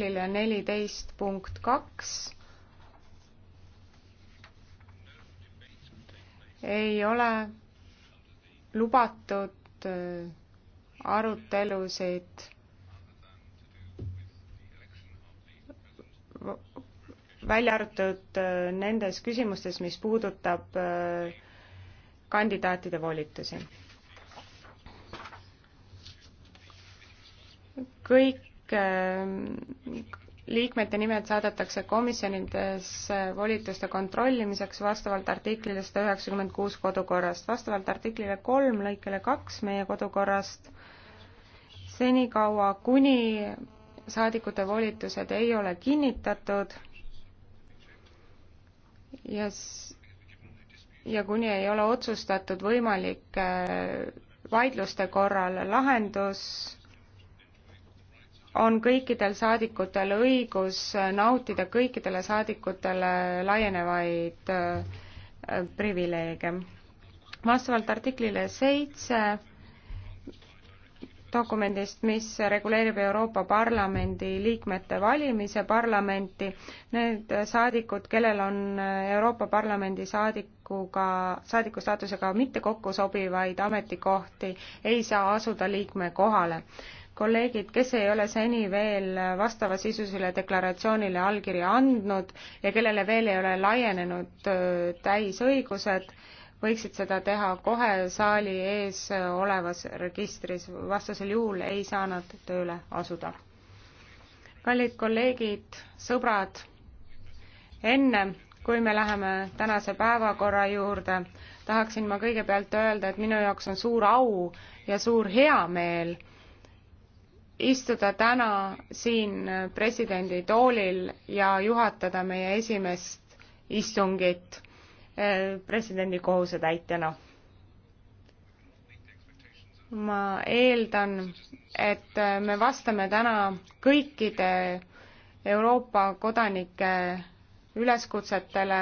artiklile neliteist punkt kaks ei ole lubatud äh, arutelusid välja arvatud äh, nendes küsimustes, mis puudutab äh, kandidaatide volitusi. kõik kõik ehm, liikmete nimed saadetakse komisjonides volituste kontrollimiseks vastavalt artiklile sada üheksakümmend kuus kodukorrast. vastavalt artiklile kolm lõikele kaks meie kodukorrast senikaua, kuni saadikute volitused ei ole kinnitatud ja ja kuni ei ole otsustatud võimalike ehm, vaidluste korral lahendus on kõikidel saadikutel õigus nautida kõikidele saadikutele laienevaid äh, privileege. vastavalt artiklile seitse dokumendist, mis reguleerib Euroopa Parlamendi liikmete valimise parlamenti, need saadikud, kellel on Euroopa Parlamendi saadikuga, saadiku staatusega mitte kokku sobivaid ametikohti, ei saa asuda liikme kohale kolleegid, kes ei ole seni veel vastavasisulisele deklaratsioonile allkirja andnud ja kellele veel ei ole laienenud täisõigused, võiksid seda teha kohe saali ees olevas registris, vastasel juhul ei saa nad tööle asuda. kallid kolleegid, sõbrad, enne kui me läheme tänase päevakorra juurde, tahaksin ma kõigepealt öelda, et minu jaoks on suur au ja suur heameel istuda täna siin presidendi toolil ja juhatada meie esimest istungit eh, presidendi kohusetäitjana. ma eeldan, et eh, me vastame täna kõikide Euroopa kodanike üleskutsetele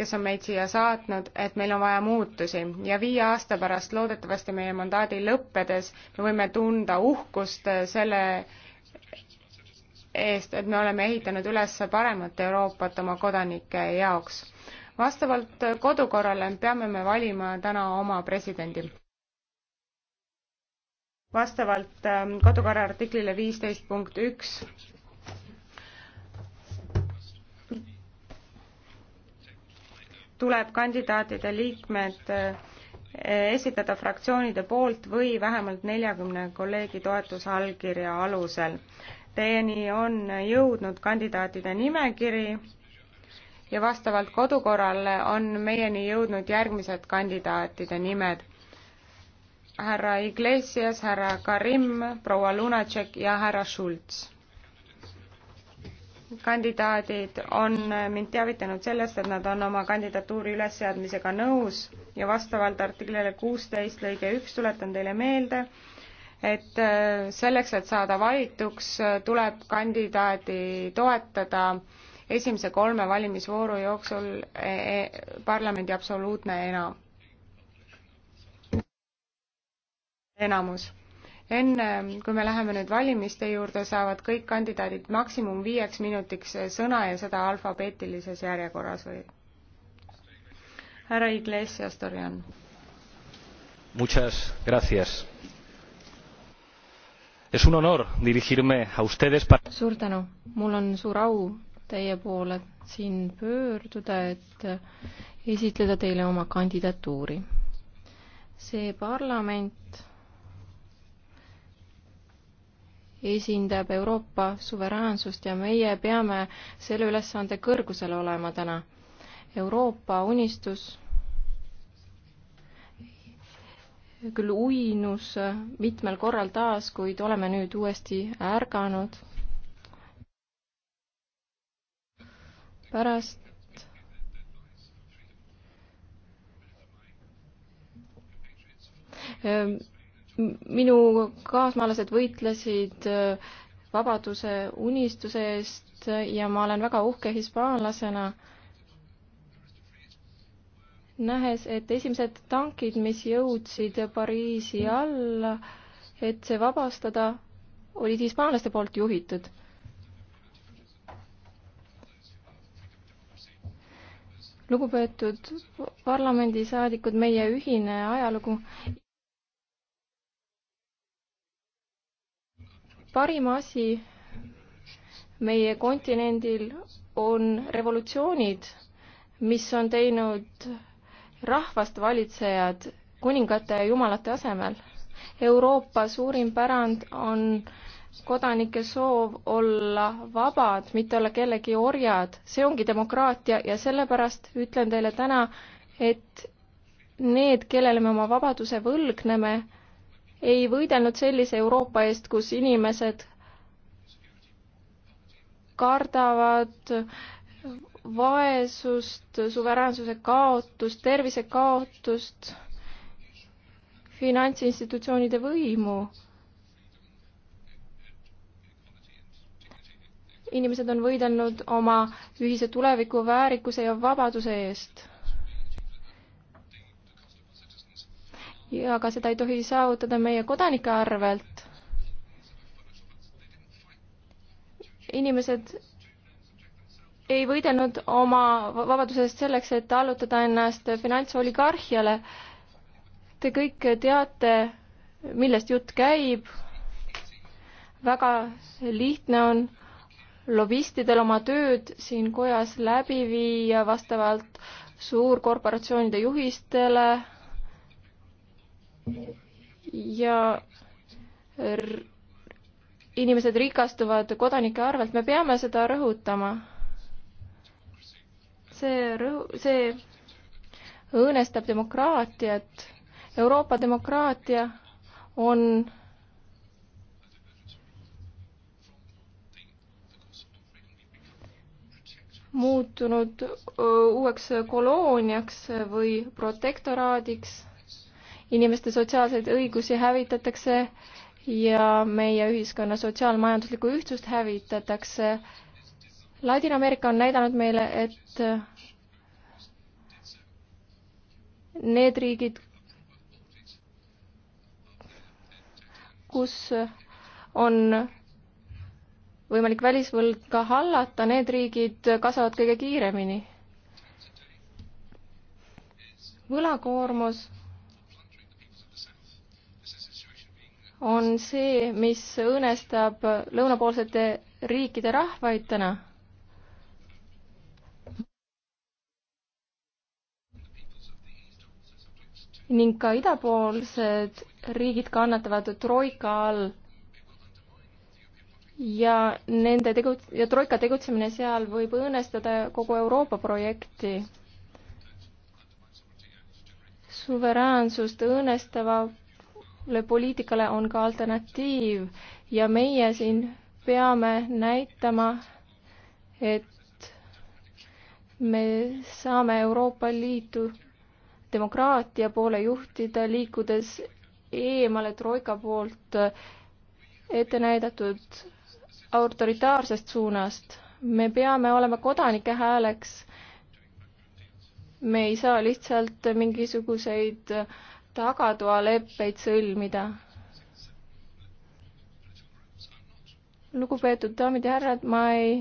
kes on meid siia saatnud, et meil on vaja muutusi ja viie aasta pärast loodetavasti meie mandaadi lõppedes me võime tunda uhkust selle eest, et me oleme ehitanud üles paremat Euroopat oma kodanike jaoks. vastavalt kodukorrale peame me valima täna oma presidendi. vastavalt ähm, kodukorra artiklile viisteist punkt üks tuleb kandidaatide liikmed eh, esitada fraktsioonide poolt või vähemalt neljakümne kolleegi toetusallkirja alusel. Teieni on jõudnud kandidaatide nimekiri ja vastavalt kodukorrale on meieni jõudnud järgmised kandidaatide nimed. härra Iglesias, härra Karim, proua Lunacek ja härra Schulz kandidaadid on mind teavitanud sellest, et nad on oma kandidatuuri ülesseadmisega nõus ja vastavalt artiklile kuusteist lõige üks tuletan teile meelde, et äh, selleks, et saada valituks, tuleb kandidaadi toetada esimese kolme valimisvooru jooksul e, e, parlamendi absoluutne ena-, enamus enne, kui me läheme nüüd valimiste juurde, saavad kõik kandidaadid maksimum viieks minutiks sõna ja seda alfabeetilises järjekorras või? härra Iglesias Torjan. Muchas gracias. Es un honor dirigirme a ustedes para... suur tänu, mul on suur au teie poole siin pöörduda, et esitleda teile oma kandidatuuri. see parlament esindab Euroopa suveräänsust ja meie peame selle ülesande kõrgusel olema täna. Euroopa unistus küll uinus mitmel korral taas, kuid oleme nüüd uuesti ärganud. pärast ähm, minu kaasmaalased võitlesid äh, vabaduse unistuse eest ja ma olen väga uhke hispaanlasena, nähes, et esimesed tankid, mis jõudsid Pariisi alla, et see vabastada, olid hispaanlaste poolt juhitud. lugupeetud parlamendisaadikud, meie ühine ajalugu parim asi meie kontinendil on revolutsioonid, mis on teinud rahvast valitsejad kuningate ja jumalate asemel. Euroopa suurim pärand on kodanike soov olla vabad, mitte olla kellegi orjad. see ongi demokraatia ja sellepärast ütlen teile täna, et need, kellele me oma vabaduse võlgneme, ei võidelnud sellise Euroopa eest, kus inimesed kardavad vaesust, suveräänsuse kaotust, tervise kaotust, finantsinstitutsioonide võimu. inimesed on võidelnud oma ühise tuleviku, väärikuse ja vabaduse eest ja aga seda ei tohi saavutada meie kodanike arvelt. inimesed ei võidelnud oma vabadusest selleks, et allutada ennast finantsoligarhiale. Te kõik teate, millest jutt käib. väga lihtne on lobistidel oma tööd siin kojas läbi viia vastavalt suurkorporatsioonide juhistele ja inimesed rikastuvad kodanike arvelt, me peame seda rõhutama. see rõhu-, see õõnestab demokraatiat. Euroopa demokraatia on muutunud uueks kolooniaks või protektoraadiks inimeste sotsiaalseid õigusi hävitatakse ja meie ühiskonna sotsiaalmajanduslikku ühtsust hävitatakse. Ladina-Ameerika on näidanud meile, et need riigid, kus on võimalik välisvõlga hallata, need riigid kasvavad kõige kiiremini. võlakoormus on see, mis õõnestab lõunapoolsete riikide rahvaid täna. ning ka idapoolsed riigid kannatavad troika all ja nende tegu- ja troika tegutsemine seal võib õõnestada kogu Euroopa projekti. suveräänsust õõnestava sellele poliitikale on ka alternatiiv ja meie siin peame näitama, et me saame Euroopa Liitu demokraatia poole juhtida, liikudes eemale Troika poolt ette näidatud autoritaarsest suunast. me peame olema kodanike hääleks. me ei saa lihtsalt mingisuguseid äh, tagatoaleppeid sõlmida. lugupeetud daamid ja härrad, ma ei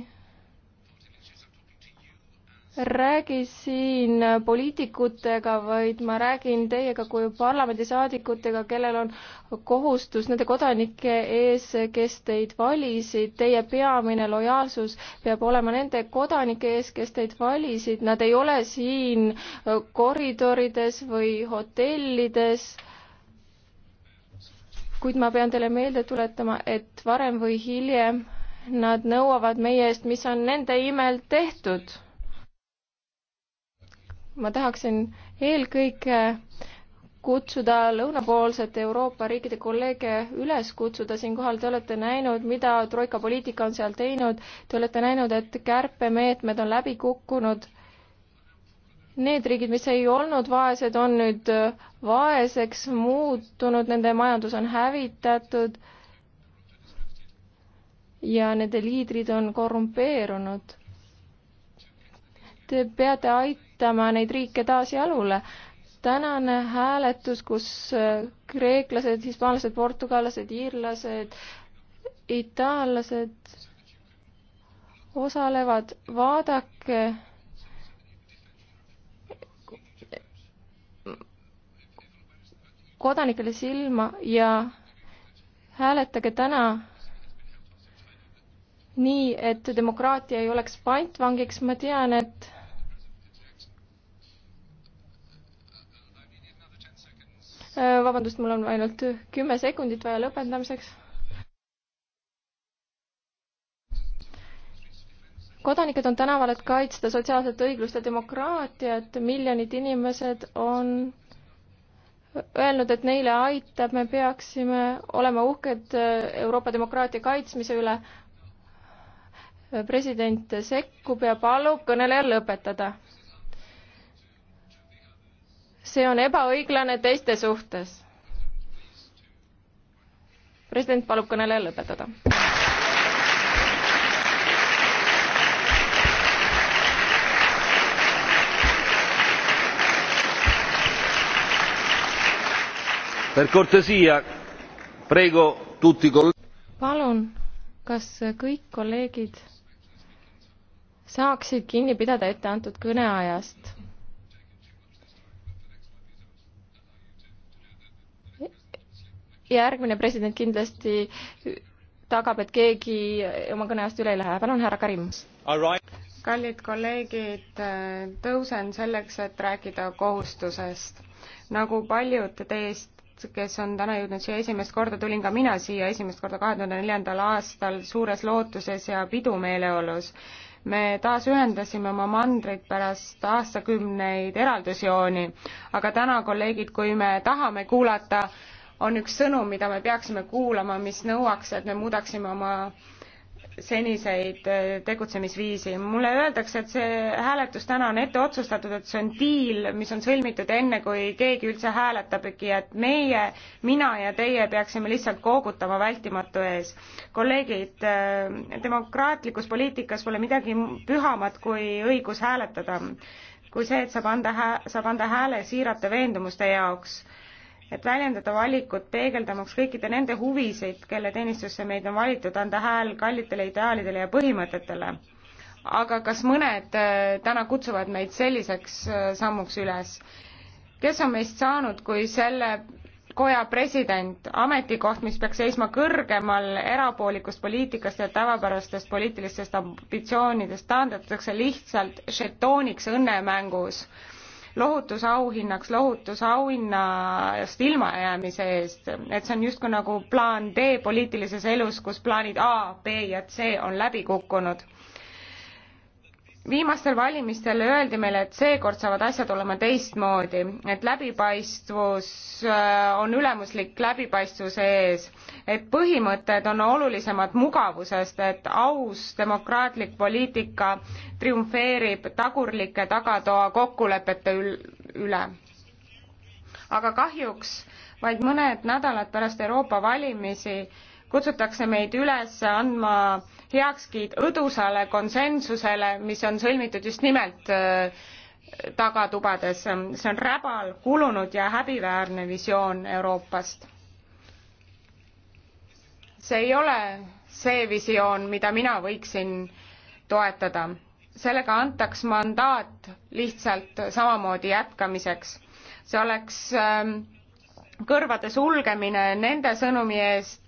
räägi siin poliitikutega, vaid ma räägin teiega kui parlamendisaadikutega, kellel on kohustus nende kodanike ees, kes teid valisid. Teie peamine lojaalsus peab olema nende kodanike ees, kes teid valisid. Nad ei ole siin koridorides või hotellides. kuid ma pean teile meelde tuletama, et varem või hiljem nad nõuavad meie eest, mis on nende imel tehtud ma tahaksin eelkõige kutsuda lõunapoolsete Euroopa riikide kolleege üles kutsuda siinkohal, te olete näinud, mida troika poliitika on seal teinud, te olete näinud, et kärpemeetmed on läbi kukkunud. Need riigid, mis ei olnud vaesed, on nüüd vaeseks muutunud, nende majandus on hävitatud ja nende liidrid on korrumpeerunud. Te peate aitama aitama neid riike taas jalule. tänane hääletus, kus äh, kreeklased, hispaanlased, portugallased, iirlased, itaallased osalevad, vaadake kodanikele silma ja hääletage täna nii, et demokraatia ei oleks pantvangiks, ma tean, et Äh, vabandust, mul on ainult kümme sekundit vaja lõpetamiseks. kodanikud on tänaval, et kaitsta sotsiaalset õiglust ja demokraatiat, miljonid inimesed on öelnud, et neile aitab, me peaksime olema uhked äh, Euroopa demokraatia kaitsmise üle. president sekkub ja palub kõneleja lõpetada see on ebaõiglane teiste suhtes. president palub kõneleja lõpetada. palun kas kõik kolleegid saaksid kinni pidada etteantud kõneajast? järgmine president kindlasti tagab, et keegi oma kõneajast üle ei lähe. palun, härra Karim. kallid kolleegid, tõusen selleks, et rääkida kohustusest. nagu paljud teist kes on täna jõudnud siia esimest korda, tulin ka mina siia esimest korda kahe tuhande neljandal aastal suures lootuses ja pidumeeleolus me taas ühendasime oma mandrid pärast aastakümneid eraldusjooni, aga täna, kolleegid, kui me tahame kuulata on üks sõnum, mida me peaksime kuulama, mis nõuaks, et me muudaksime oma seniseid äh, tegutsemisviisi. mulle öeldakse, et see hääletus täna on ette otsustatud, et see on diil, mis on sõlmitud enne, kui keegi üldse hääletabki, et meie, mina ja teie peaksime lihtsalt koogutama vältimatu ees. kolleegid, äh, demokraatlikus poliitikas pole midagi pühamat kui õigus hääletada, kui see, et saab anda hää-, saab anda hääle siirate veendumuste jaoks et väljendada valikut peegeldamaks kõikide nende huvisid, kelle teenistusse meid on valitud, anda hääl kallitele ideaalidele ja põhimõtetele. aga kas mõned äh, täna kutsuvad meid selliseks äh, sammuks üles? kes on meist saanud, kui selle koja president, ametikoht, mis peaks seisma kõrgemal erapoolikust poliitikast ja tavapärastest poliitilistest ambitsioonidest, taandatakse lihtsalt žetooniks õnnemängus lohutusauhinnaks lohutusauhinnast ilmajäämise eest, et see on justkui nagu plaan D poliitilises elus, kus plaanid A, B ja C on läbi kukkunud viimastel valimistel öeldi meile, et seekord saavad asjad olema teistmoodi, et läbipaistvus äh, on ülemuslik läbipaistvuse ees, et põhimõtted on olulisemad mugavusest, et aus demokraatlik poliitika triumfeerib tagurlike tagatoa kokkulepete üle. aga kahjuks vaid mõned nädalad pärast Euroopa valimisi kutsutakse meid üles andma heakskiit õdusale konsensusele, mis on sõlmitud just nimelt äh, tagatubades. see on räbal, kulunud ja häbiväärne visioon Euroopast. see ei ole see visioon, mida mina võiksin toetada. sellega antaks mandaat lihtsalt samamoodi jätkamiseks. see oleks ähm, kõrvade sulgemine nende sõnumi eest,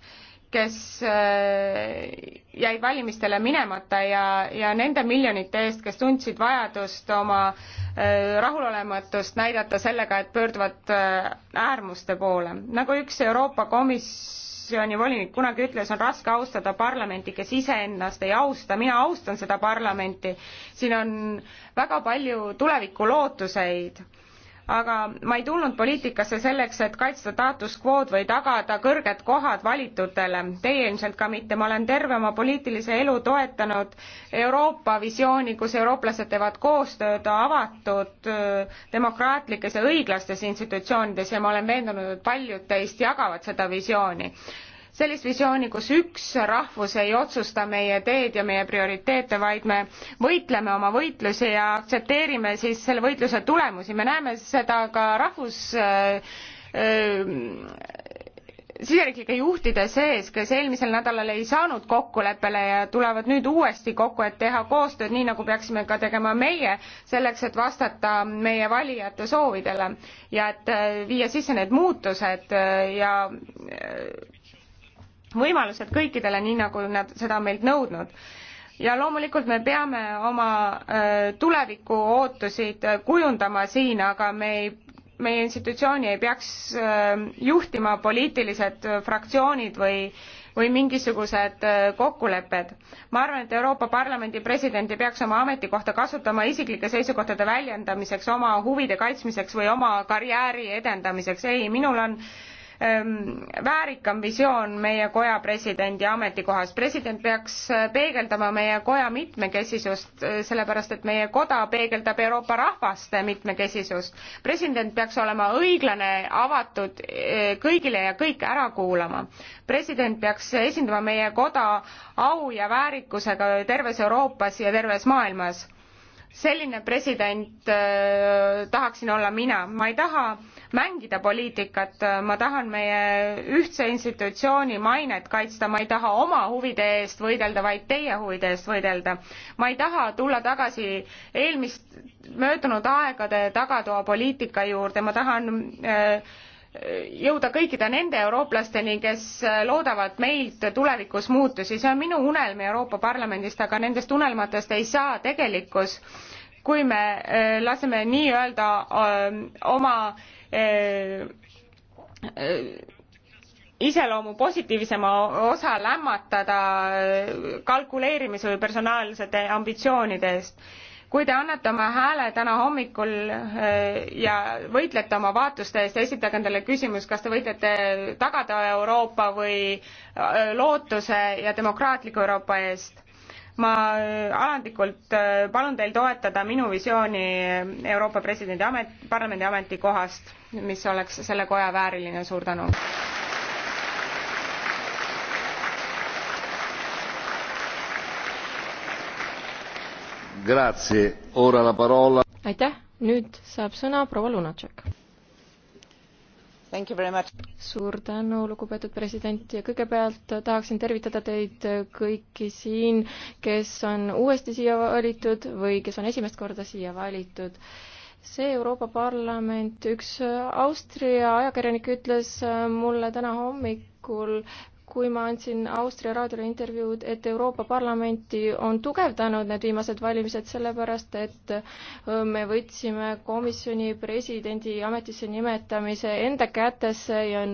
kes äh, jäid valimistele minemata ja, ja nende miljonite eest, kes tundsid vajadust oma äh, rahulolematust näidata sellega, et pöörduvad äh, äärmuste poole. nagu üks Euroopa Komisjoni volinik kunagi ütles, on raske austada parlamenti, kes iseennast ei austa, mina austan seda parlamenti, siin on väga palju tulevikulootuseid aga ma ei tulnud poliitikasse selleks, et kaitsta status quo'd või tagada kõrged kohad valitutele. Teie ilmselt ka mitte, ma olen terve oma poliitilise elu toetanud Euroopa visiooni, kus eurooplased teevad koostööd avatud äh, demokraatlikes ja õiglastes institutsioonides ja ma olen veendunud, et paljud teist jagavad seda visiooni sellist visiooni, kus üks rahvus ei otsusta meie teed ja meie prioriteete, vaid me võitleme oma võitlusi ja aktsepteerime siis selle võitluse tulemusi, me näeme seda ka rahvus äh, äh, siseriiklike juhtide sees, kes eelmisel nädalal ei saanud kokkuleppele ja tulevad nüüd uuesti kokku, et teha koostööd, nii nagu peaksime ka tegema meie, selleks et vastata meie valijate soovidele ja et äh, viia sisse need muutused äh, ja äh, võimalused kõikidele, nii nagu nad seda meilt nõudnud. ja loomulikult me peame oma äh, tuleviku ootusid kujundama siin, aga me ei meie institutsiooni ei peaks äh, juhtima poliitilised fraktsioonid või või mingisugused äh, kokkulepped. ma arvan, et Euroopa Parlamendi president ei peaks oma ametikohta kasutama isiklike seisukohtade väljendamiseks, oma huvide kaitsmiseks või oma karjääri edendamiseks, ei, minul on äh, Ehm, väärikam visioon meie koja presidendi ametikohas. president peaks äh, peegeldama meie koja mitmekesisust, äh, sellepärast et meie koda peegeldab Euroopa rahvaste mitmekesisust. president peaks olema õiglane, avatud äh, kõigile ja kõik ära kuulama. president peaks esindama meie koda au ja väärikusega terves Euroopas ja terves maailmas selline president äh, tahaksin olla mina. ma ei taha mängida poliitikat, äh, ma tahan meie ühtse institutsiooni mainet kaitsta, ma ei taha oma huvide eest võidelda, vaid teie huvide eest võidelda. ma ei taha tulla tagasi eelmist, möödunud aegade tagatoa poliitika juurde, ma tahan äh, jõuda kõikide nende eurooplasteni, kes loodavad meilt tulevikus muutusi, see on minu unelm Euroopa Parlamendist, aga nendest unelmatest ei saa tegelikkus, kui me äh, laseme nii-öelda ähm, oma äh, iseloomu positiivsema osa lämmatada äh, kalkuleerimise või personaalsete ambitsioonide eest kui te annate oma hääle täna hommikul äh, ja võitlete oma vaatuste eest, esitage endale küsimus, kas te võitlete tagada Euroopa või äh, lootuse ja demokraatliku Euroopa eest. ma äh, alandlikult palun teil toetada minu visiooni Euroopa presidendi amet, parlamendi ametikohast, mis oleks selle koja vääriline, suur tänu. aitäh, nüüd saab sõna proua Lunatšek. suur tänu, lugupeetud president ja kõigepealt tahaksin tervitada teid kõiki siin, kes on uuesti siia valitud või kes on esimest korda siia valitud see Euroopa Parlament, üks Austria ajakirjanik ütles mulle täna hommikul, kui ma andsin Austria raadiole intervjuud, et Euroopa Parlamenti on tugevdanud need viimased valimised, sellepärast et me võtsime komisjoni presidendi ametisse nimetamise enda kätesse ja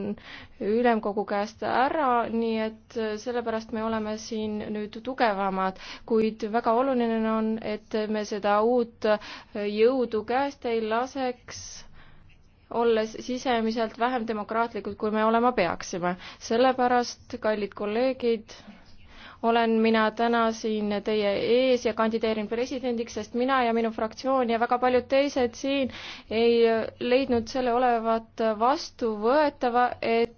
ülemkogu käest ära, nii et sellepärast me oleme siin nüüd tugevamad. kuid väga oluline on, et me seda uut jõudu käest ei laseks olles sisemiselt vähem demokraatlikud, kui me olema peaksime. sellepärast, kallid kolleegid, olen mina täna siin teie ees ja kandideerin presidendiks, sest mina ja minu fraktsioon ja väga paljud teised siin ei leidnud selle olevat vastuvõetava, et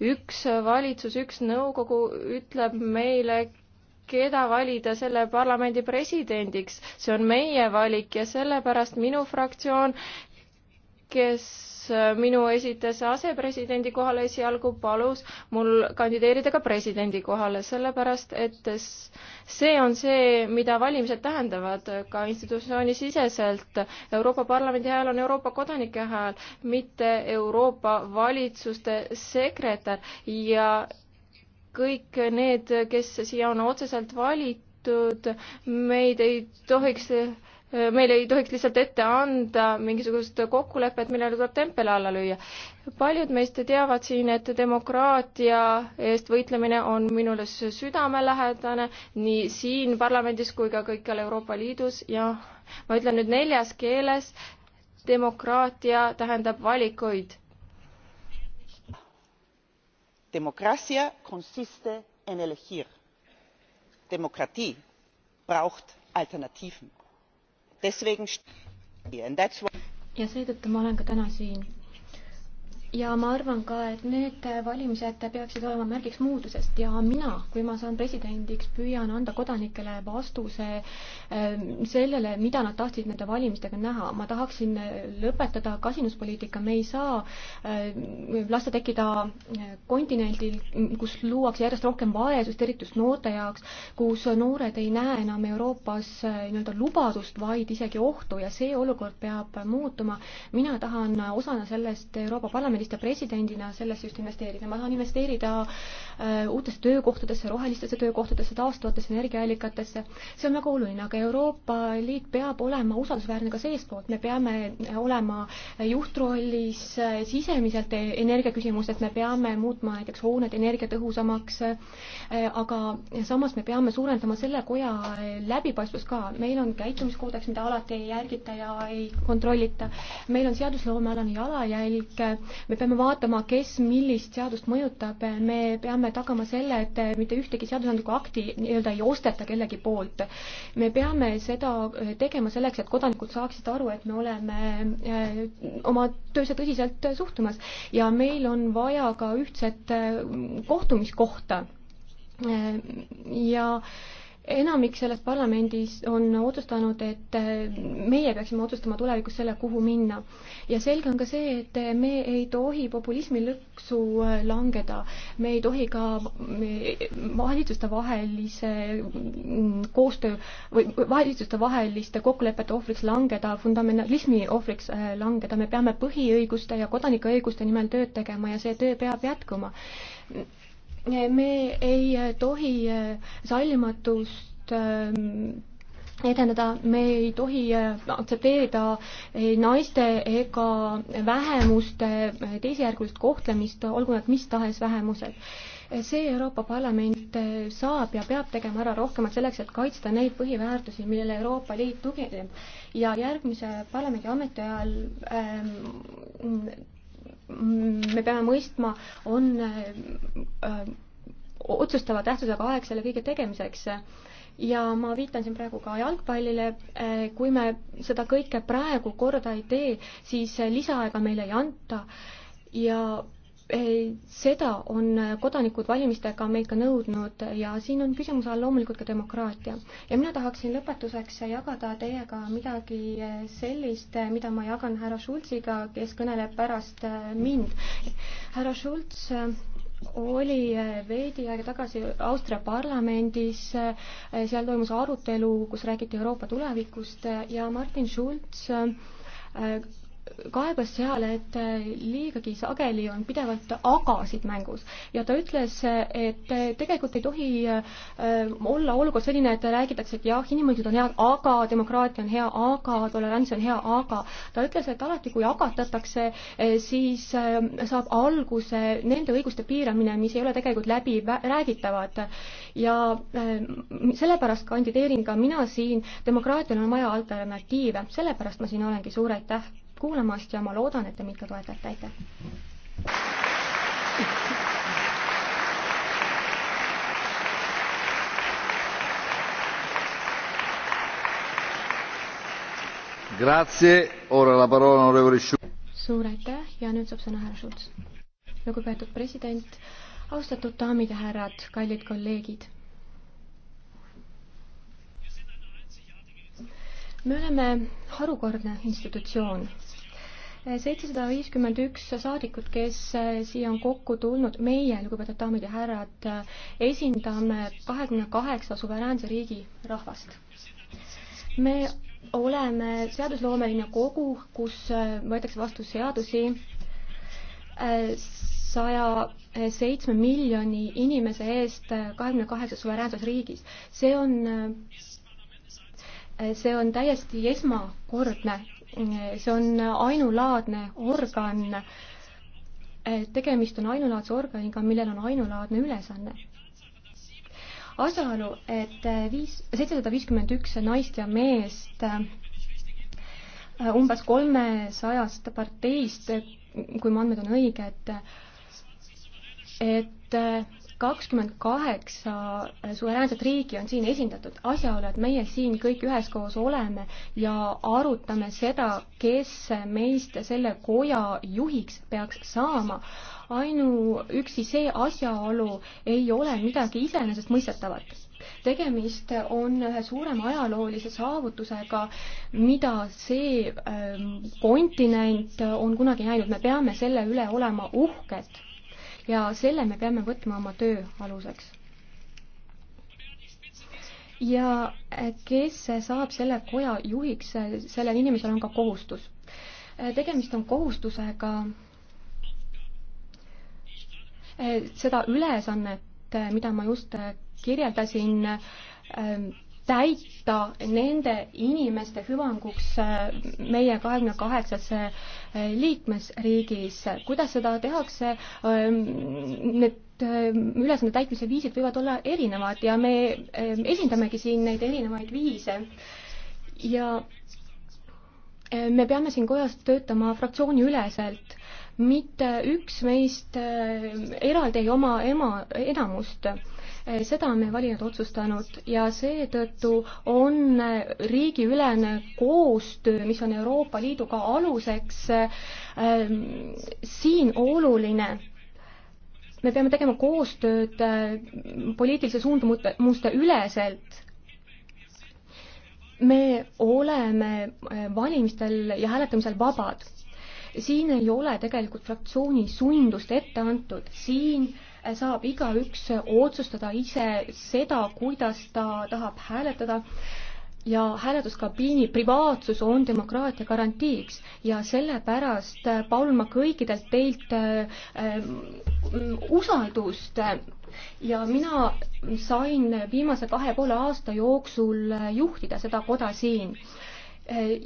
üks valitsus, üks nõukogu ütleb meile, keda valida selle parlamendi presidendiks. see on meie valik ja sellepärast minu fraktsioon kes äh, minu esitas asepresidendi kohale, esialgu palus mul kandideerida ka presidendi kohale, sellepärast et see on see, mida valimised tähendavad ka institutsiooni siseselt. Euroopa Parlamendi hääl on Euroopa kodanike hääl, mitte Euroopa valitsuste sekretär ja kõik need, kes siia on otseselt valitud, meid ei tohiks meil ei tohiks lihtsalt ette anda mingisugust kokkulepet, millele tuleb tempel alla lüüa. paljud meist teavad siin, et demokraatia eest võitlemine on minule südamelähedane nii siin parlamendis kui ka kõikjal Euroopa Liidus ja ma ütlen nüüd neljas keeles, demokraatia tähendab valikuid. Demokratia consiste en elegir. Demokratie braucht Alternativen deswegen ja seetõttu ma olen ka täna siin ja ma arvan ka, et need valimised peaksid olema märgiks muudusest ja mina, kui ma saan presidendiks, püüan anda kodanikele vastuse ähm, sellele, mida nad tahtsid nende valimistega näha. ma tahaksin lõpetada kasinuspoliitika, me ei saa ähm, lasta tekkida äh, kontinendil, kus luuakse järjest rohkem vaesust, eriti just noorte jaoks, kus noored ei näe enam Euroopas äh, nii-öelda lubadust, vaid isegi ohtu ja see olukord peab muutuma. mina tahan osana sellest Euroopa Parlamendi roheliste presidendina sellesse just investeerida, ma tahan investeerida äh, uutesse töökohtadesse, rohelistesse töökohtadesse, taastuvatesse energiaallikatesse, see on väga oluline, aga Euroopa Liit peab olema usaldusväärne ka seestpoolt, me peame olema juhtrollis äh, sisemiselt e-, energiaküsimustes, me peame muutma näiteks hooned energiatõhusamaks, äh, aga samas me peame suurendama selle koja läbipaistvust ka, meil on käitumiskoodeks, mida alati ei järgita ja ei kontrollita, meil on seadusloomealane jalajälg, me peame vaatama, kes millist seadust mõjutab, me peame tagama selle, et mitte ühtegi seadusandlikku akti nii-öelda ei osteta kellegi poolt. me peame seda tegema selleks, et kodanikud saaksid aru, et me oleme äh, oma töösse tõsiselt suhtumas ja meil on vaja ka ühtset äh, kohtumiskohta äh, ja enamik selles parlamendis on otsustanud, et eh, meie peaksime otsustama tulevikus selle, kuhu minna. ja selge on ka see, et me ei tohi populismi lõksu eh, langeda, me ei tohi ka valitsuste vahelise mm, koostöö või valitsuste vaheliste kokkulepete ohvriks langeda, fundamentalismi ohvriks eh, langeda, me peame põhiõiguste ja kodanikuõiguste nimel tööd tegema ja see töö peab jätkuma me ei tohi äh, sallimatust ähm, edendada, me ei tohi äh, aktsepteerida ei äh, naiste ega vähemuste teisejärgulist kohtlemist, olgu nad mis tahes vähemused. see Euroopa Parlament saab ja peab tegema ära rohkemat selleks, et kaitsta neid põhiväärtusi, millele Euroopa Liit tugineb ja järgmise parlamendi ametiajal ähm, me peame mõistma, on äh, otsustava tähtsusega aeg selle kõige tegemiseks. ja ma viitan siin praegu ka jalgpallile, äh, kui me seda kõike praegu korda ei tee, siis äh, lisaaega meile ei anta ja seda on kodanikud valimistega meilt ka nõudnud ja siin on küsimuse all loomulikult ka demokraatia. ja mina tahaksin lõpetuseks jagada teiega midagi sellist, mida ma jagan härra Schulziga, kes kõneleb pärast mind. härra Schulz oli veidi aega tagasi Austria parlamendis, seal toimus arutelu, kus räägiti Euroopa tulevikust ja Martin Schulz kaebas seal, et äh, liigagi sageli on pidevalt agasid mängus ja ta ütles, et tegelikult ei tohi äh, olla olukord selline, et räägitakse, et jah, inimõigused on head, aga demokraatia on hea, aga tolerants on hea, aga ta ütles, et alati, kui agatatakse, äh, siis saab alguse nende õiguste piiramine, mis ei ole tegelikult läbi räägitavad. ja sellepärast kandideerin ka mina siin, demokraatial on vaja alternatiive, sellepärast ma siin olengi, suur aitäh! kuulamast ja ma loodan, et te mind ka toetate, aitäh! suur aitäh ja nüüd saab sõna härra Schulz. lugupeetud president, austatud daamid ja härrad, kallid kolleegid. me oleme harukordne institutsioon seitsesada viiskümmend üks saadikut, kes äh, siia on kokku tulnud, meie, lugupeetud daamid ja härrad, äh, esindame kahekümne kaheksa suveräänse riigi rahvast. me oleme seadusloomeline kogu, kus äh, võetakse vastu seadusi saja seitsme miljoni inimese eest kahekümne kaheksas suveräänses riigis. see on, see on täiesti esmakordne see on ainulaadne organ. tegemist on ainulaadse organiga, millel on ainulaadne ülesanne. asjaolu, et viis, seitsesada viiskümmend üks naist ja meest umbes kolmesajast parteist, kui mu andmed on õiged, et, et kakskümmend kaheksa suveräänset riiki on siin esindatud. asjaolu, et meie siin kõik üheskoos oleme ja arutame seda, kes meist selle koja juhiks peaks saama, ainuüksi see asjaolu ei ole midagi iseenesestmõistetavat. tegemist on ühe suurema ajaloolise saavutusega, mida see ähm, kontinent on kunagi näinud. me peame selle üle olema uhked ja selle me peame võtma oma töö aluseks. ja kes saab selle koja juhiks, sellel inimesel on ka kohustus. tegemist on kohustusega eh, seda ülesannet, eh, mida ma just eh, kirjeldasin, täita nende inimeste hüvanguks äh, meie kahekümne kaheksas äh, liikmesriigis. kuidas seda tehakse, ähm, need ähm, ülesande täitmise viisid võivad olla erinevad ja me ähm, esindamegi siin neid erinevaid viise. ja äh, me peame siin kojas töötama fraktsiooniüleselt, mitte üks meist eraldi ei oma ema, enamust Eh, seda on meie valijad otsustanud ja seetõttu on eh, riigiülene koostöö, mis on Euroopa Liiduga aluseks, eh, siin oluline me peame tegema koostööd poliitilise suundumuste üleselt. me oleme valimistel ja hääletamisel vabad. siin ei ole tegelikult fraktsiooni sundust ette antud, siin äh, saab igaüks otsustada ise seda, kuidas ta tahab hääletada ja hääletuskabiini privaatsus on demokraatia garantiiks ja sellepärast palun ma kõikidelt teilt äh, usaldust ja mina sain viimase kahe poole aasta jooksul juhtida seda koda siin.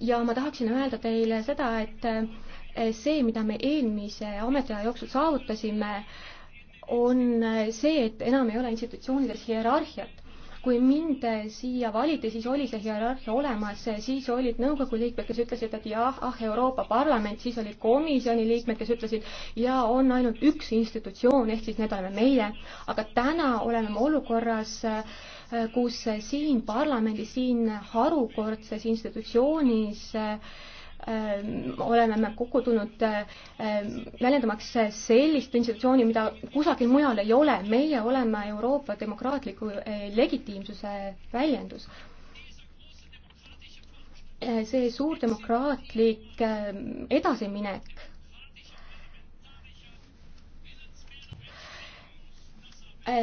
ja ma tahaksin öelda teile seda, et see, mida me eelmise ametiaja jooksul saavutasime äh,, on see, et enam ei ole institutsioonides hierarhiat. kui mind siia valiti, siis oli see hierarhia olemas, siis olid nõukogu liikmed, kes ütlesid, et jah, ah Euroopa Parlament, siis olid komisjoni liikmed, kes ütlesid, ja on ainult üks institutsioon, ehk siis need oleme meie. aga täna oleme me olukorras äh, kus siin parlamendis, siin harukordses institutsioonis äh, Ehm, oleme me kokku tulnud ehm, väljendamaks sellist institutsiooni, mida kusagil mujal ei ole. meie oleme Euroopa demokraatliku e, legitiimsuse väljendus. E, see suur demokraatlik ehm, edasiminek e,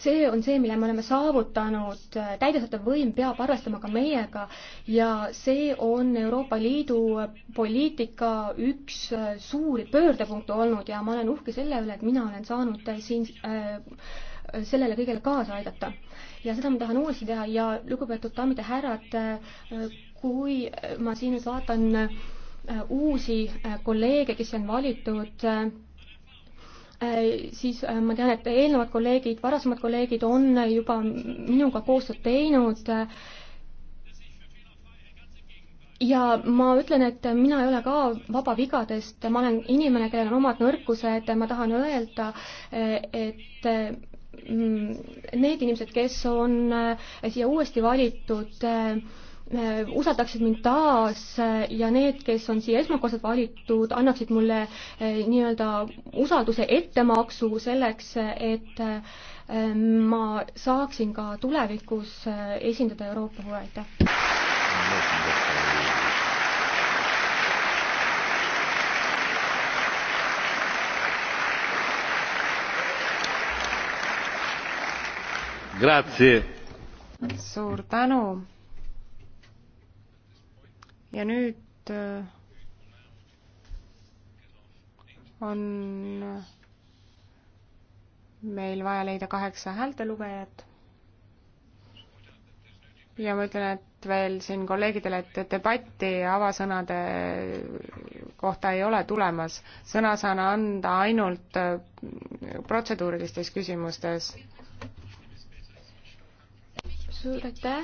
see on see, mille me oleme saavutanud, täidesaatev võim peab arvestama ka meiega ja see on Euroopa Liidu poliitika üks suuri pöördepunkte olnud ja ma olen uhke selle üle, et mina olen saanud siin äh, sellele kõigele kaasa aidata. ja seda ma tahan uuesti teha ja lugupeetud daamid ja härrad äh,, kui ma siin nüüd vaatan äh, uusi äh, kolleege, kes on valitud äh, Äh, siis äh, ma tean, et eelnevad kolleegid, varasemad kolleegid on juba minuga koostööd teinud. ja ma ütlen, et mina ei ole ka vaba vigadest, ma olen inimene, kellel on omad nõrkused, ma tahan öelda, äh, et mm, need inimesed, kes on siia uuesti valitud, Äh, usaldaksid mind taas äh, ja need, kes on siia esmakordselt valitud, annaksid mulle äh, nii-öelda usalduse ettemaksu selleks, et ma saaksin ka tulevikus esindada Euroopa huve, aitäh! suur tänu! ja nüüd äh, on meil vaja leida kaheksa häältelugejat. ja ma ütlen, et veel siin kolleegidele, et debatti avasõnade kohta ei ole tulemas. sõna saan anda ainult äh, protseduurilistes küsimustes suur aitäh,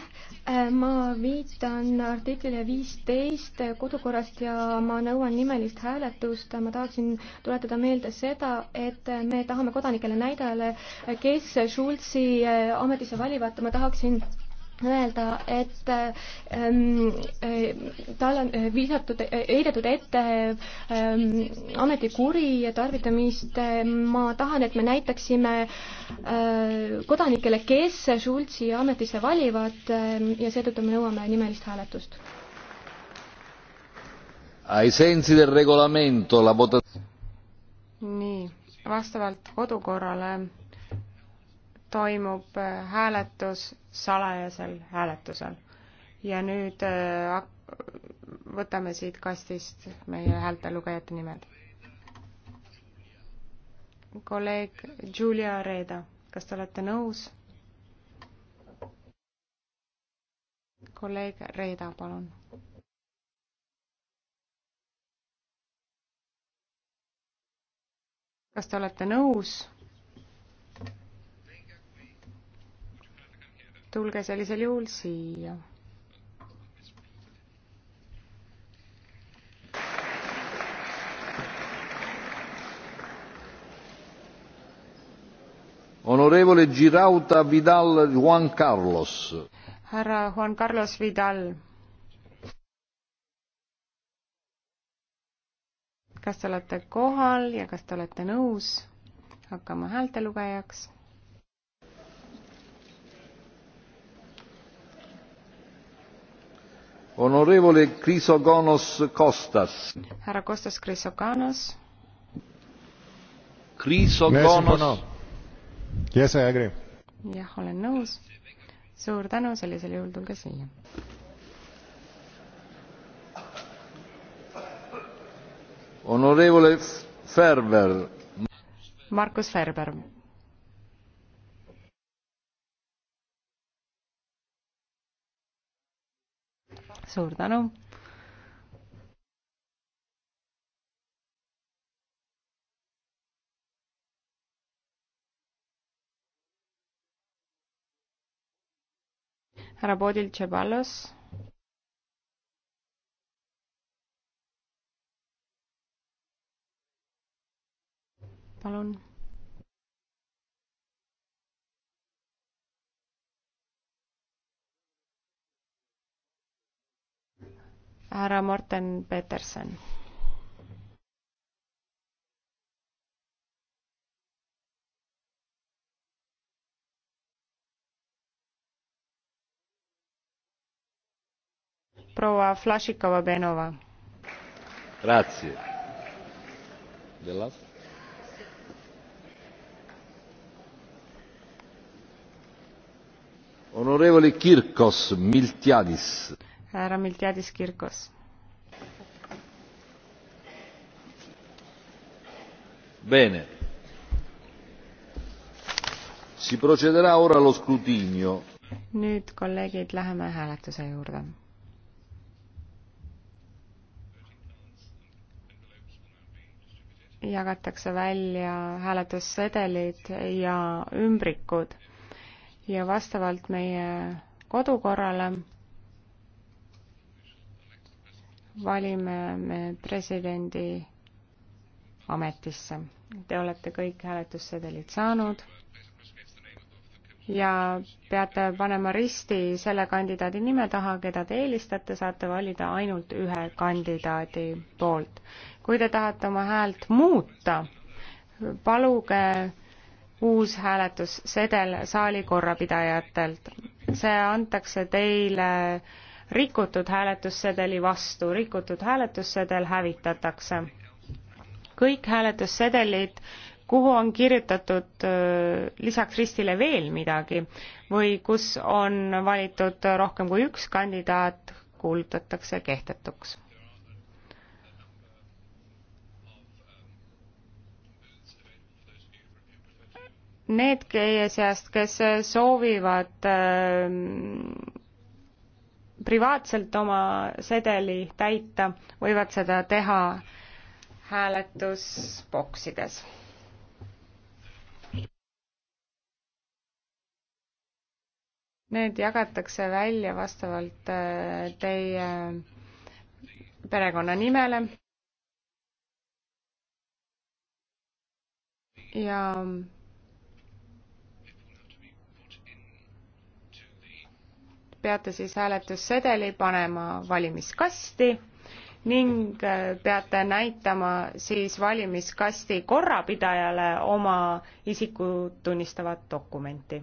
äh, ma viitan artiklile viisteist kodukorrast ja ma nõuan nimelist hääletust, ma tahaksin tuletada meelde seda, et me tahame kodanikele näidajale, kes Schulzi äh, ametisse valivad, ma tahaksin öelda, et ähm, äh, tal on äh, visatud, äh, heidetud ette ähm, ametikuri tarvitamist. ma tahan, et me näitaksime äh, kodanikele, kes Schulzi ametisse valivad äh, ja seetõttu me nõuame nimelist hääletust. nii, vastavalt kodukorrale toimub äh, hääletus salajasel hääletusel. ja nüüd äh, võtame siit kastist meie häältelugejate nimed. kolleeg Julia Reeda, kas te olete nõus? kolleeg Reeda, palun. kas te olete nõus? tulge sellisel juhul siia. Onorevole Girauta Vidal Juan Carlos. härra Juan Carlos Vidal. kas te olete kohal ja kas te olete nõus hakkama häälte lugejaks? onorevole Chrysogonos Kostas. härra Kostas Chrysogonos. Chrysogonos. Yes, I agree. jah, olen nõus. suur tänu, sellisel juhul tulge siia. onorevole Ferber. Markus Ferber suur tänu. härra Bodil Tšeballos. palun härra Morten Peterson. proua Flašikova Benova. Grazie. Della... Onorevole Kirkos Miltiadis härra Miltiadis Kirkos. Bene. Si procederà ora allo scrutinio. nüüd, kolleegid, läheme hääletuse juurde. jagatakse välja hääletussedelid ja ümbrikud ja vastavalt meie kodukorrale valime me presidendi ametisse. Te olete kõik hääletussedelid saanud ja peate panema risti selle kandidaadi nime taha, keda te eelistate, saate valida ainult ühe kandidaadi poolt. kui te tahate oma häält muuta, paluge uus hääletussedel saali korrapidajatelt. see antakse teile rikutud hääletussedeli vastu, rikutud hääletussedel hävitatakse. kõik hääletussedelid, kuhu on kirjutatud äh, lisaks ristile veel midagi või kus on valitud rohkem kui üks kandidaat, kuulutatakse kehtetuks. Need teie seast, kes soovivad äh, privaatselt oma sedeli täita, võivad seda teha hääletusboksides. Need jagatakse välja vastavalt äh, teie perekonnanimele. ja peate siis hääletussedeli panema valimiskasti ning äh, peate näitama siis valimiskasti korrapidajale oma isikut tunnistavat dokumenti.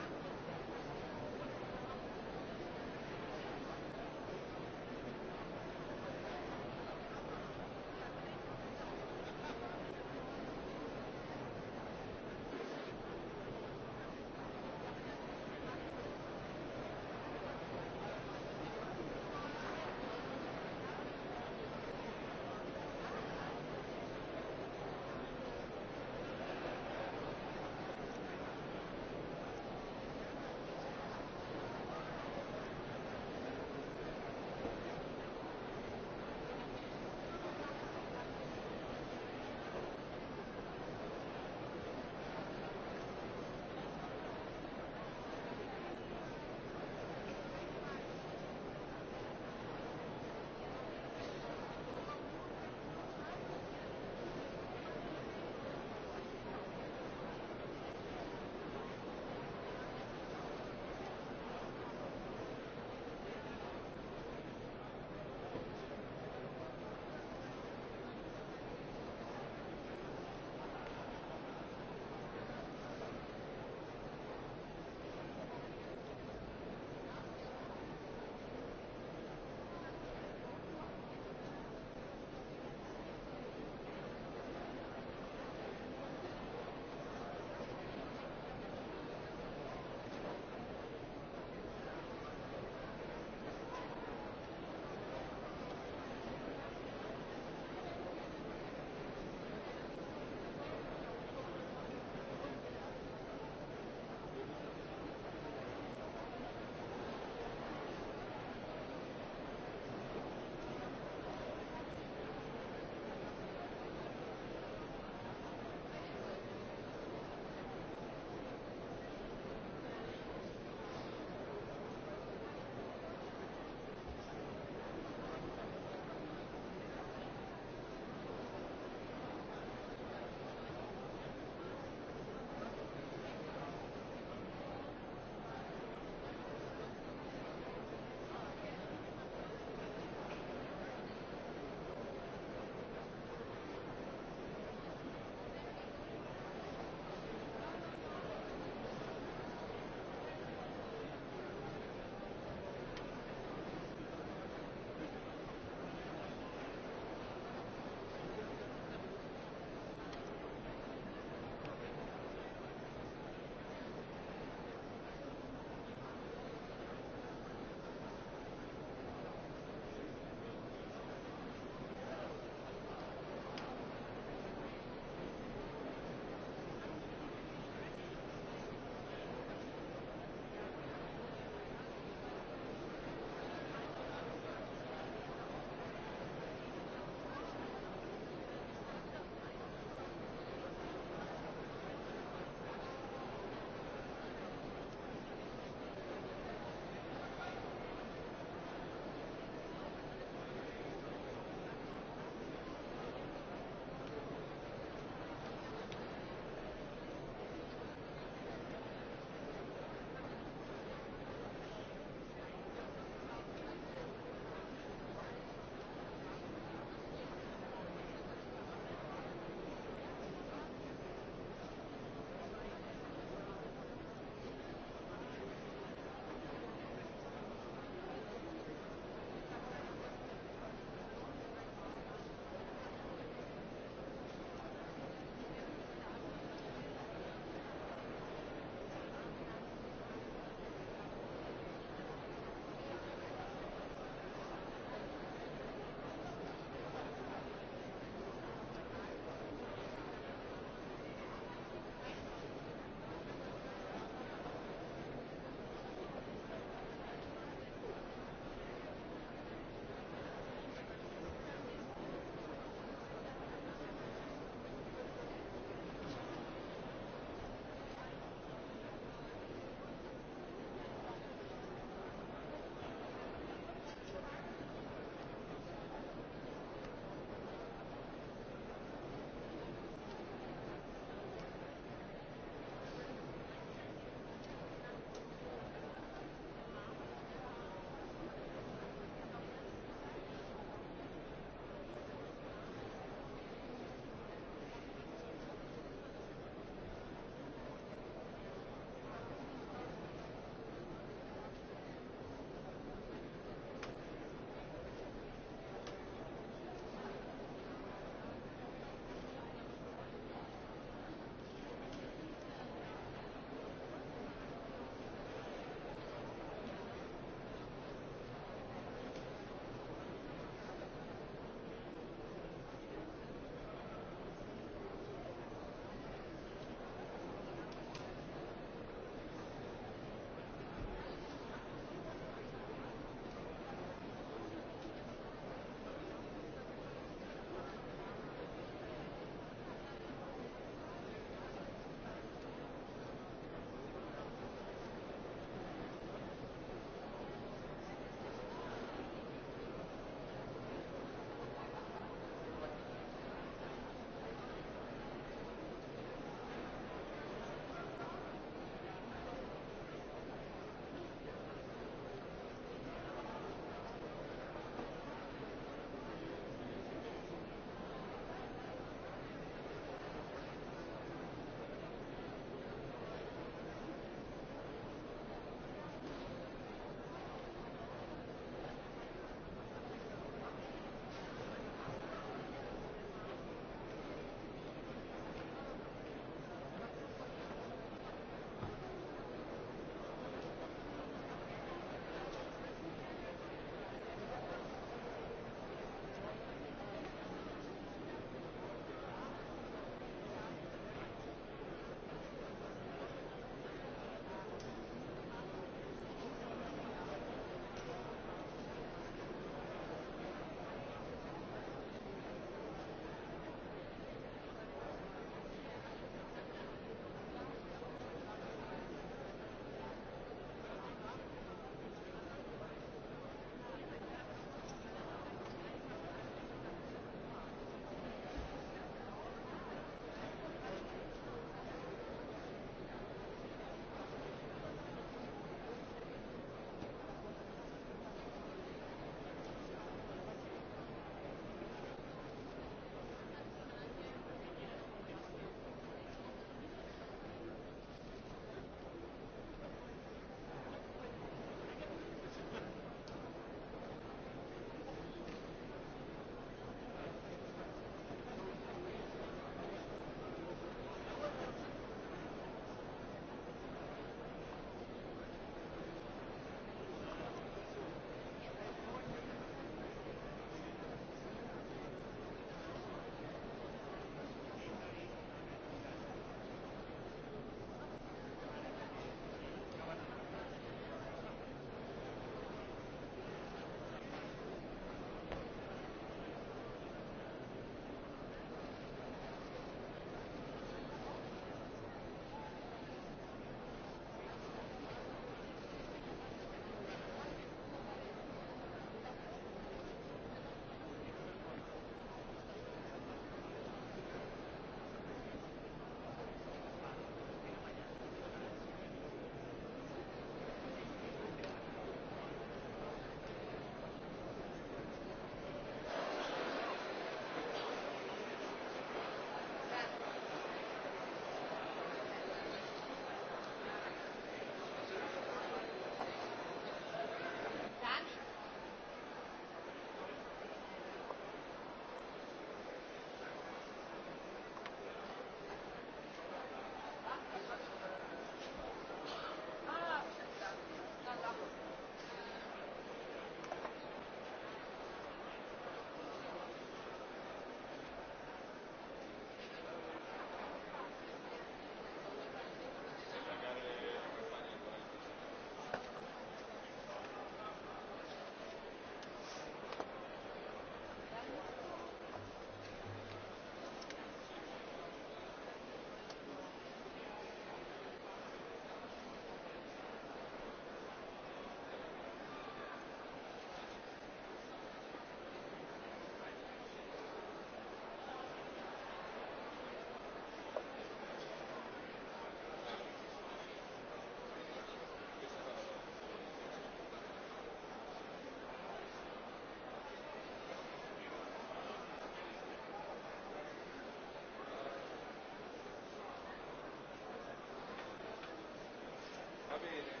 avere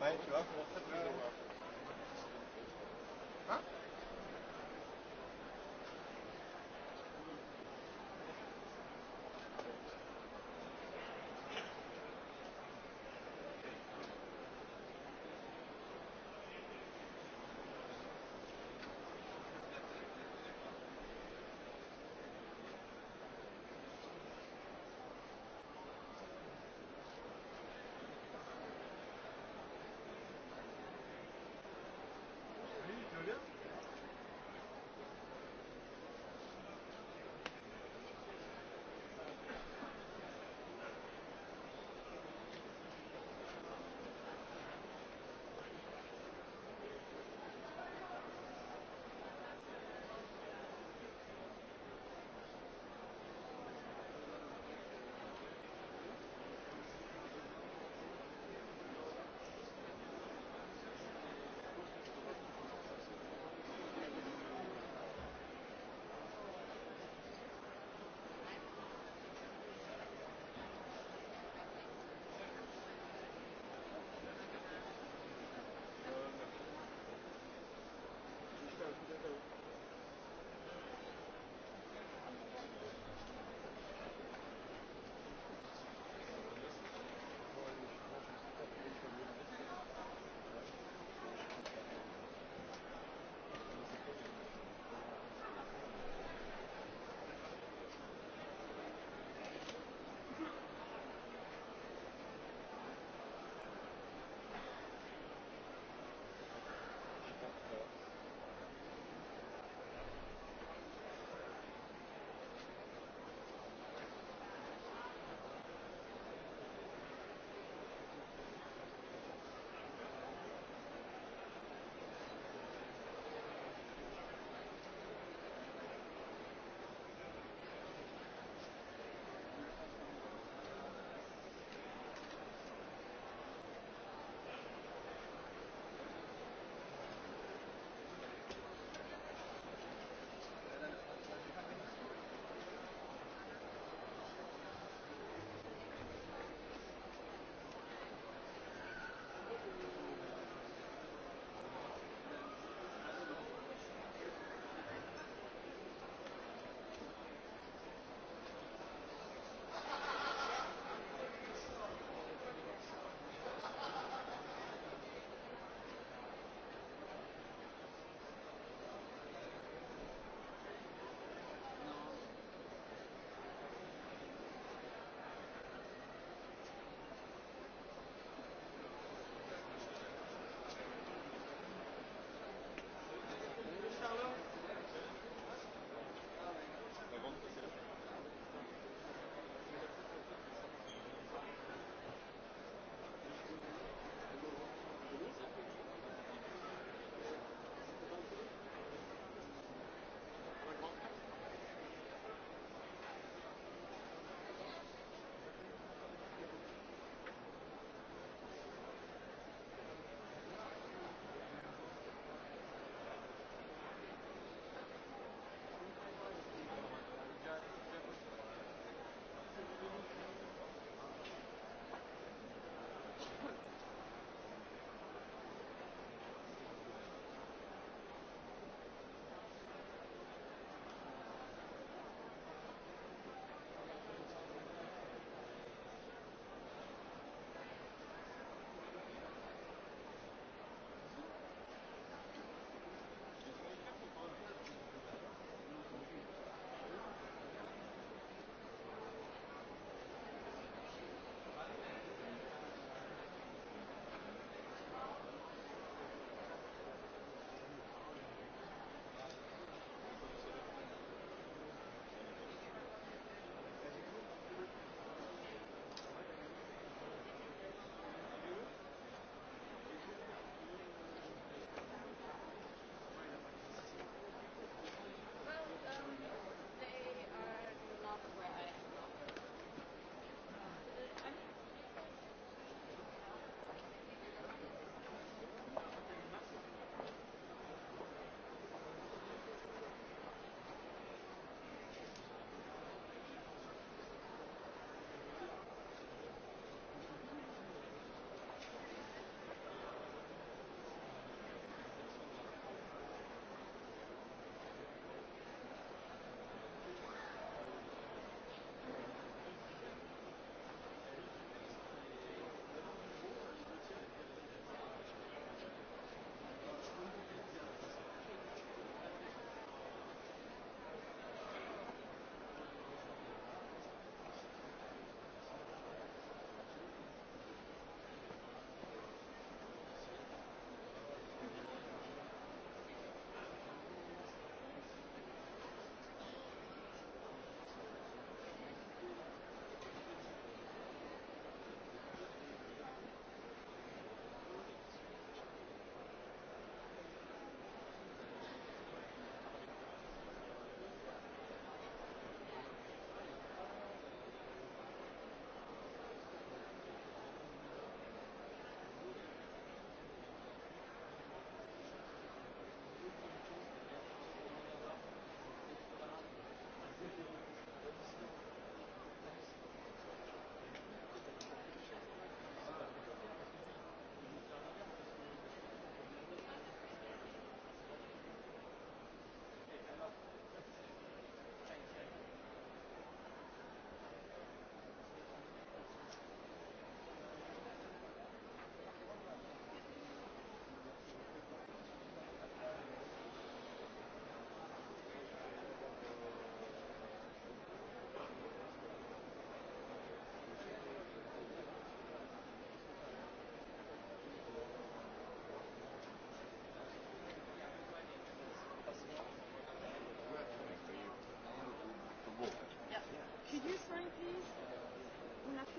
Ouais, tu vois. Hein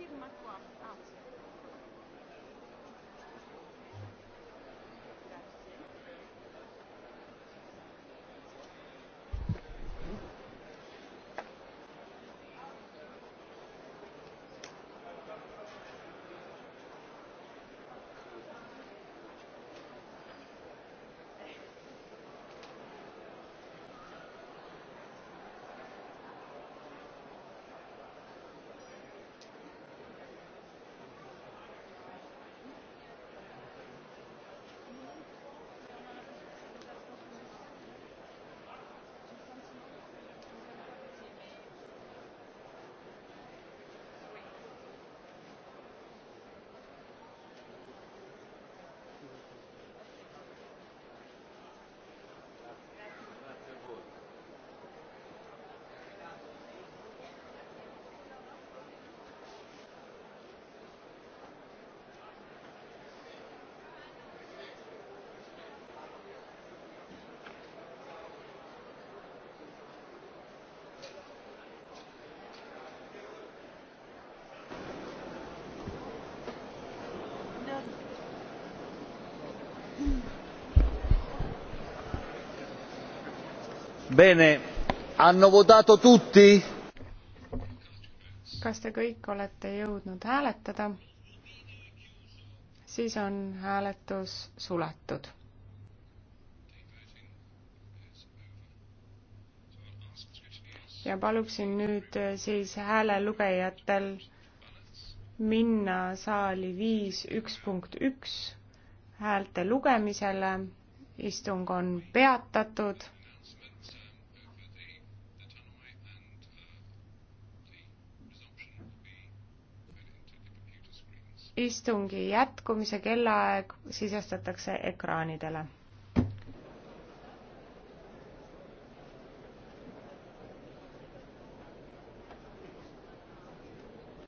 firma qua. Bene, hanno votato tutti? kas te kõik olete jõudnud hääletada? siis on hääletus suletud. ja paluksin nüüd siis häälelugejatel minna saali viis üks punkt üks häälte lugemisele. istung on peatatud istungi jätkumise kellaaeg sisestatakse ekraanidele